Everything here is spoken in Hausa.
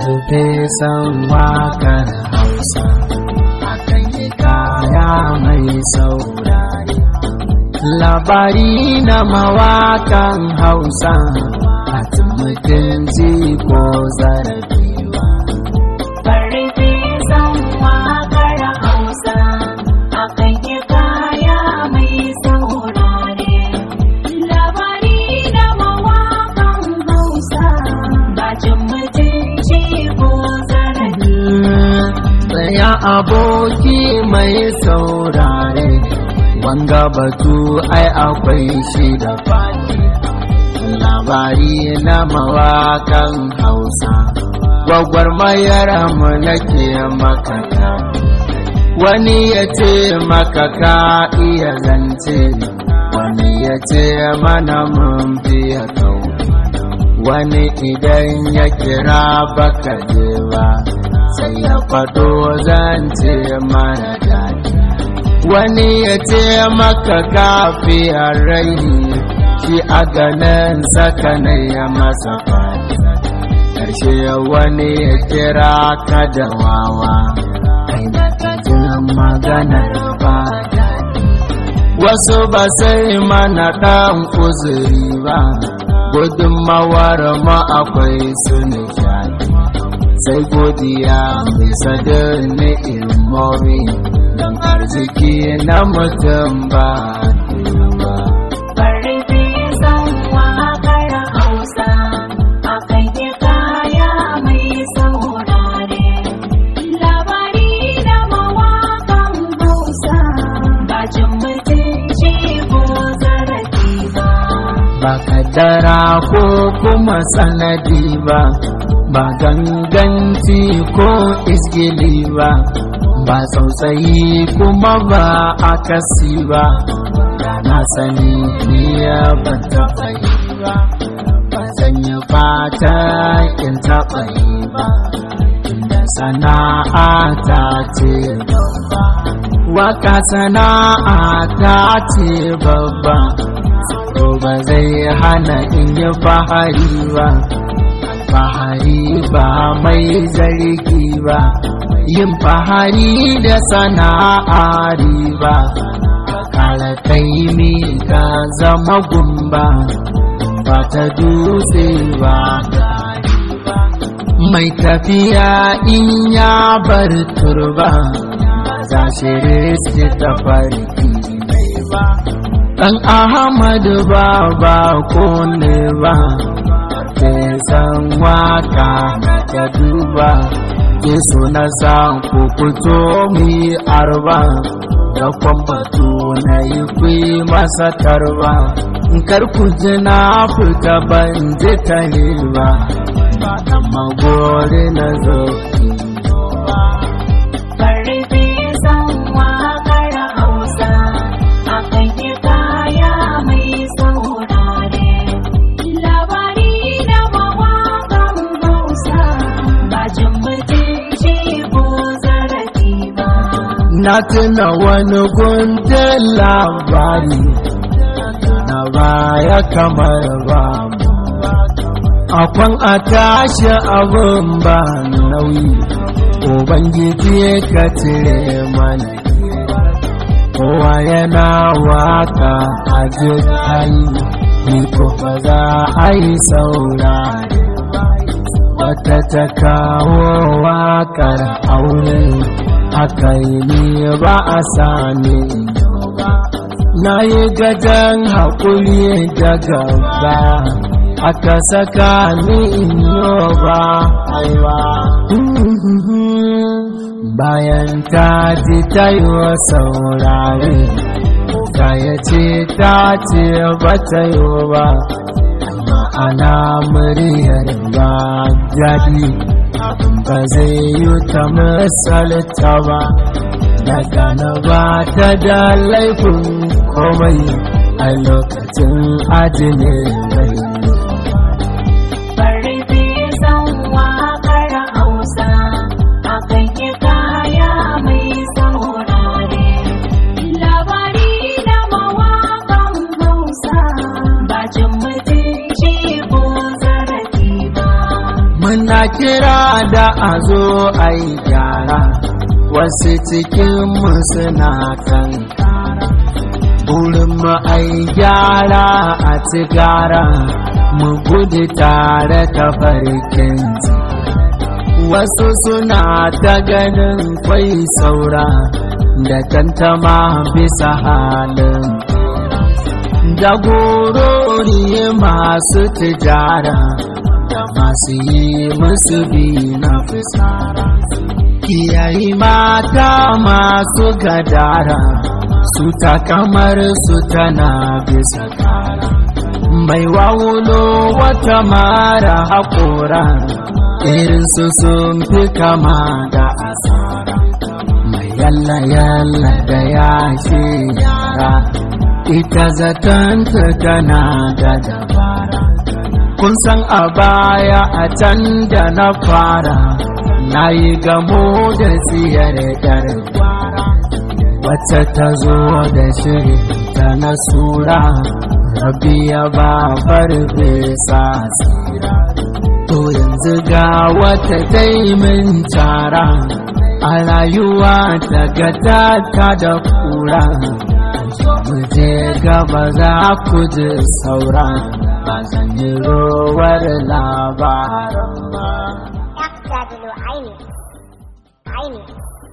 Tufe san wakar Hausa, akan kaya mai saurari. Labari na mawakan Hausa, a mutunci ko zarafi. aboki mai saurare wanga batu ai akwai shi da fadi labari na mawakan hausa gwagwarmayar mu nake makaka wani ya ce makaka iya zance wani ya ce mana mun fiye kau wani idan ya kira baka je sai ya faɗo ce mara daɗi wani ya ce maka a rai shi a ganin sakanai ya masa faɗi ƙarshe wani ya kira ka da wawa maganar ba wasu ba sai mana ɗan kuzuri ba gudunmawar ma akwai su nishadi. sai godiya mai sadar na ilmori don arziki na mutum ba kaddara ko kuma sanadi ba ba ganganci ko iskili ba ba sausayi kuma ba kasi ba na sani niya ba taɓa yi ba ba zan yi fata in taɓa yi ba inda sana'a ta ce babba waka sana'a ta ce babba ba zai hana in yi fahari ba fahari ba mai zargi ba yin fahari da sana'a riba kala taimi ka zama gumba ba ta dutse ba mai tafiya in ya bar turba za shi riski ta fari ba dan ahmadu ba ba ne ba san waka ya duba ke na san ku fito mi arba da kwambato na yi kwi masa tarba kar ku ji na fita ban ji ta ba magori na zoki na tuna wani gundun labari na baya kamar ba akwan a tashi abin ba nauyi ubangiji ka cire mana kowa yana waka a jikin ko ba za a yi saurari bata ta kawo wakar aure aka yi ne ba a sami na yi gajen haƙuri da gaba aka saka ni inyo ba aiwa bayan ta ji ta yi wa saurari, ta ce ta ce ba ta yi wa. ana muryar ba abin ba zai yi ta misalta ba daga na ba ta da laifin komai a lokacin ajinin mai kira da a zo a yi gyara wasu cikin cikinmu suna kan kara burinmu a yi gyara a ci gara mu gudu tare ta farkin wasu suna ta ganin kwai saura da tantama bisa halin jagorori masu tijara masu yi musu bi na fusara kiyayi mata masu gadara su ta kamar su tana bisa kara mai wawulo wata mara irin su sun fi kama da asara mai yalla yalla da yashi yara ita zatanta tana da dabara kun san a baya a can da na fara na yi gamo da siyar yar wata ta zo da shiri ta na sura ya ba farfe sa to yanzu ga wata daimin tara a rayuwa daga ta da kura mu je gaba za ku ji saura ban san rowar labaran ba. Dakta Dilo Aini, Aini.